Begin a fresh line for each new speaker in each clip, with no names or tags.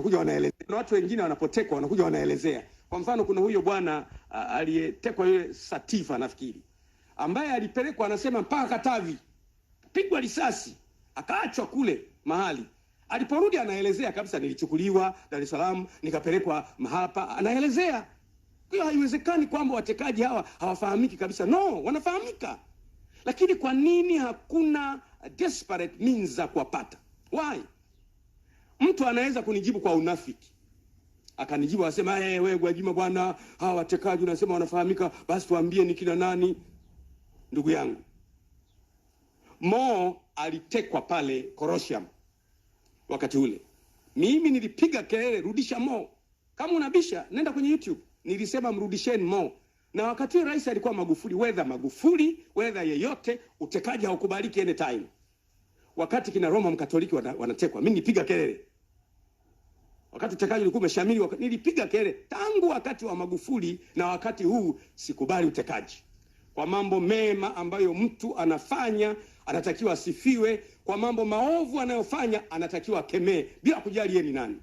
wanakuja wanaelezea na watu wengine wanapotekwa wanakuja wanaelezea. Kwa mfano, kuna huyo bwana aliyetekwa yule Satifa nafikiri, ambaye alipelekwa anasema mpaka Katavi, pigwa risasi, akaachwa kule mahali aliporudi anaelezea kabisa, nilichukuliwa Dar es Salaam nikapelekwa mahapa. Anaelezea hiyo. Haiwezekani kwamba watekaji hawa hawafahamiki kabisa. No, wanafahamika, lakini kwa nini hakuna desperate means za kuwapata? Why? Mtu anaweza kunijibu kwa unafiki akanijibu asema, hey, eh, wewe Gwajima bwana, hawa watekaji unasema wanafahamika, basi tuambie ni kina nani? Ndugu yangu, Mo alitekwa pale Korosham wakati ule, mimi nilipiga kelele, rudisha Mo. Kama unabisha nenda kwenye YouTube, nilisema mrudisheni Mo. Na wakati ule rais alikuwa Magufuli, wedha Magufuli wedha yeyote, utekaji haukubaliki anytime. Wakati kina Roma Mkatoliki wanatekwa, mimi nipiga kelele wakati utekaji ulikuwa umeshamiri. Nilipiga kelele tangu wakati wa Magufuli na wakati huu, sikubali utekaji. Kwa mambo mema ambayo mtu anafanya anatakiwa asifiwe, kwa mambo maovu anayofanya anatakiwa akemee bila kujali yeye ni nani.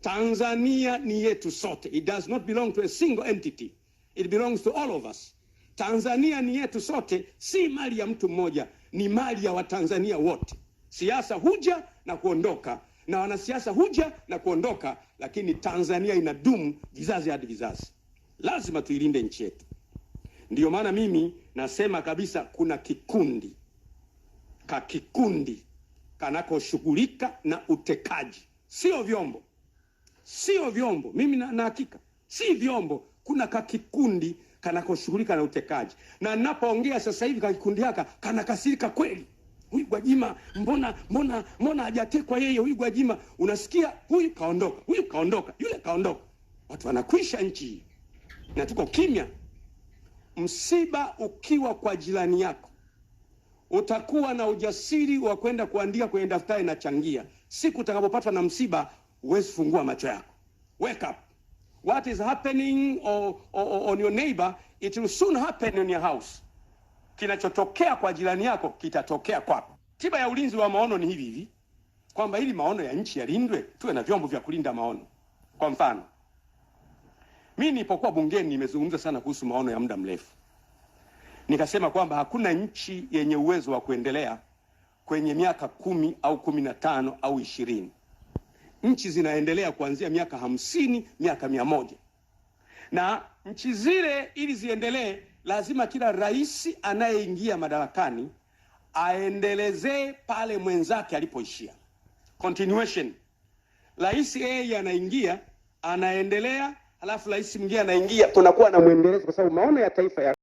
Tanzania ni yetu sote, it does not belong to a single entity, it belongs to all of us. Tanzania ni yetu sote, si mali ya mtu mmoja, ni mali ya Watanzania wote. Siasa huja na kuondoka na wanasiasa huja na kuondoka, lakini Tanzania inadumu vizazi hadi vizazi. Lazima tuilinde nchi yetu. Ndiyo maana mimi nasema kabisa, kuna kikundi ka kikundi kanakoshughulika na utekaji, sio vyombo, sio vyombo. Mimi na hakika si vyombo, kuna ka kikundi kanakoshughulika na utekaji, na ninapoongea sasa hivi kakikundi haka kanakasirika kweli huyu Gwajima mbona mbona mbona hajatekwa yeye? Huyu Gwajima unasikia, huyu kaondoka, huyu kaondoka, yule kaondoka, watu wanakwisha nchi na tuko kimya. Msiba ukiwa kwa jirani yako, utakuwa na ujasiri wa kwenda kuandika kwenye daftari na changia. Siku utakapopatwa na msiba, huwezi fungua macho yako. Wake up, what is happening on, on, on your neighbor it will soon happen in your house kinachotokea kwa jirani yako kitatokea kwako. Tiba ya ulinzi wa maono ni hivi hivi kwamba ili maono ya nchi yalindwe, tuwe na vyombo vya kulinda maono. Kwa mfano, mi nilipokuwa bungeni nimezungumza sana kuhusu maono ya muda mrefu, nikasema kwamba hakuna nchi yenye uwezo wa kuendelea kwenye miaka kumi au kumi na tano au ishirini. Nchi zinaendelea kuanzia miaka hamsini, miaka mia moja na nchi zile ili ziendelee, lazima kila rais anayeingia madarakani aendelezee pale mwenzake alipoishia, continuation. Rais yeye anaingia, anaendelea, halafu rais mwingine anaingia, tunakuwa na mwendelezo, kwa sababu maono ya taifa ya